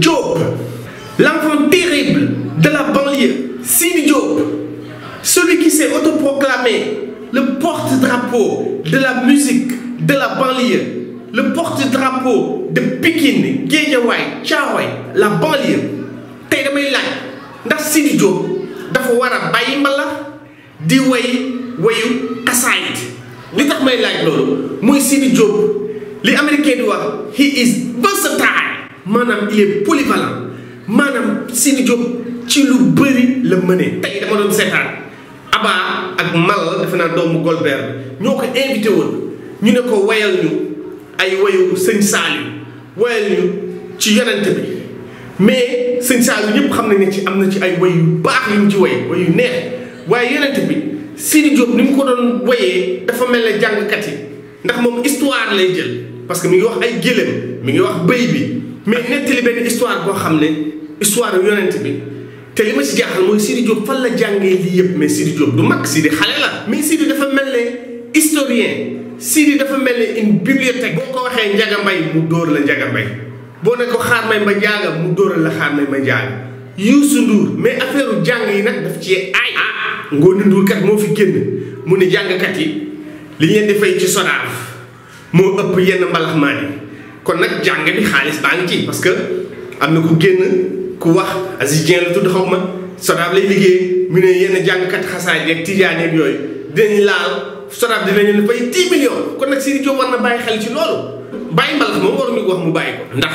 Job l'enfant terrible de la banlieue, Sidi Job celui qui s'est autoproclamé le porte-drapeau de la musique de la banlieue, le porte-drapeau de Pekin Gayaway, Chawai, la banlieue tey Sidi Job, dafa war a way wayu he is maanaam il est polyvalent maanaam Sidi Diop ci lu bëri la mënee. tey dama doon seetaan Abba ak Mal defe naa doomu Golbert ñoo ko invité woon ñu ne ko woyal ñu ay wayu sëñ Saliou wayal ñu ci yonent bi mais sëñ Saliou ñëpp xam nañ ne ci am na ci ay way yu baax yu mu ci woy way yu neex waaye yonent bi Sidi Diop ni mu ko doon woyee dafa mel ne jàngkat yi ndax moom histoire lay jël parce que mu ngi wax ay gëléem mu ngi wax bëy bi. mais nettali benn histoire boo xam histoire yonent bi te li ma si jaaxal Sidi Diop fan la jàngee lii yëpp mais Sidi Diop du mag Sidi xale la. mais Sidi dafa mel historien Sidi dafa mel une bibliothèque. boo ko waxee Ndiaga mu dóor la Ndiaga Mbaye boo ne ko xaar may ma jaaga mu dóoral la xaar may ma jaaga Youssou Ndour mais affaire jàng yi nag daf ci ay ah Ngoné kat moo fi génn mu ne jàngkat yi li ñen leen di fay ci SODAV mo upp yenn mbalaxmaan yi kon nag jàng bi xaalis baa ngi ci parce que am na ku génn ku wax Aziz Dieng la tudd xaw ma Sodaab lay liggéey mu ne yenn jàngkat xasaay yeeg tijaan yeeg yooyu dinañ laal Sodaab dinañ leen fay 10 millions kon nag Sidi Diop war na bàyyi xel ci loolu bàyyi mbalax moom waruñu ko wax mu bàyyi ko. ndax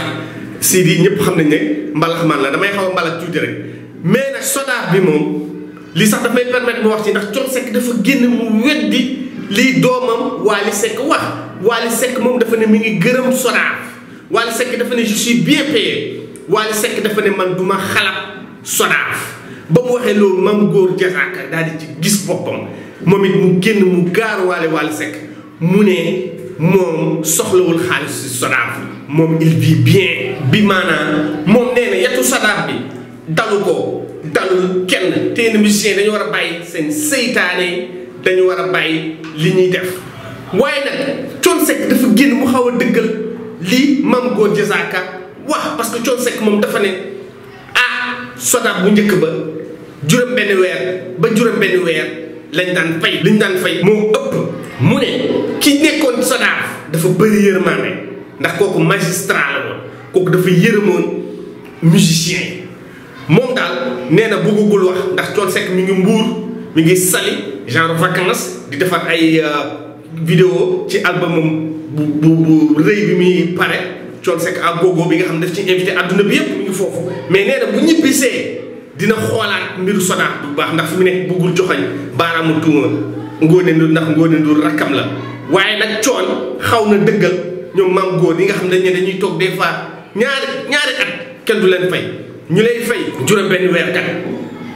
Sidi ñëpp xam nañ ne mbalax man la damay xaw a mbalax tuuti rek mais nag Sodaab bi moom li sax daf may permettre mu wax ci ndax Thione Seck dafa génn mu weddi. lii doomam Wally Seck wax Wally Seck moom dafa ne mi ngi gërëm SONAV Wally Seck dafa ne je suis bien payé Wally dafa ne man du ma xalaat SONAV ba mu waxee loolu mam góor jasaaka daal di ci gis boppam moom it mu génn mu gaaruwaale Wally Seck mu ne moom soxlawul xaalis si il vit bien bi maanaam moom nee yetu SONAV bi dalu ko dalul kenn téen musicien dañu war a bàyyi seen seytaane dañu war a bàyyi li ñuy def waaye nag Thione dafa génn mu xaw a dëggal li Mame Gor Diazaka wax parce que Thione Seck moom dafa ne ah SODAV bu njëkk ba juróom benn weer ba juróom benn weer lañ daan fay liñ daan fay moo ëpp mu ne ki nekkoon SODAV dafa bëri yërmaande ndax kooku magistrat la woon kooku dafa yërëmoon musicien moom daal nee na bëggugul wax ndax Thione Seck ngi mbuur mi ngi sali genre vacances di defar ay euh, vidéo ci albumam bu bu bu rëy bi muy pare Thione Seck à gogo bi nga xam ne def ci invité adduna bi yëpp mi ngi foofu mais nee na bu ñibbisee dina xoolaat mbiru Sodaar bu baax ndax fi mu nekk bëggul joxoñ baaraamu ngoon Ngoné Ndour ndax Ngoné Ndour rakkam la waaye nag Thione xaw na dëggal ñoom maam góor yi nga xam ne dañuy toog des fois ñaari ñaari at kenn du leen fay ñu lay fay juróom benn weer kat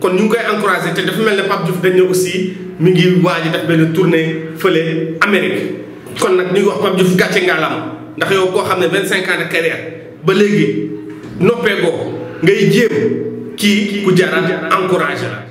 kon ñu ngi koy encouragé te dafa mel ne Pape Diouf dañ ne aussi mi ngi waaj a def benn tournée fële Amérique. kon nag ñu ngi wax Pape Diouf gàcce ngaalam ndax yow koo xam ne vingt cinq ans ba léegi noppee ngay jéem kii ku jara encouragé la.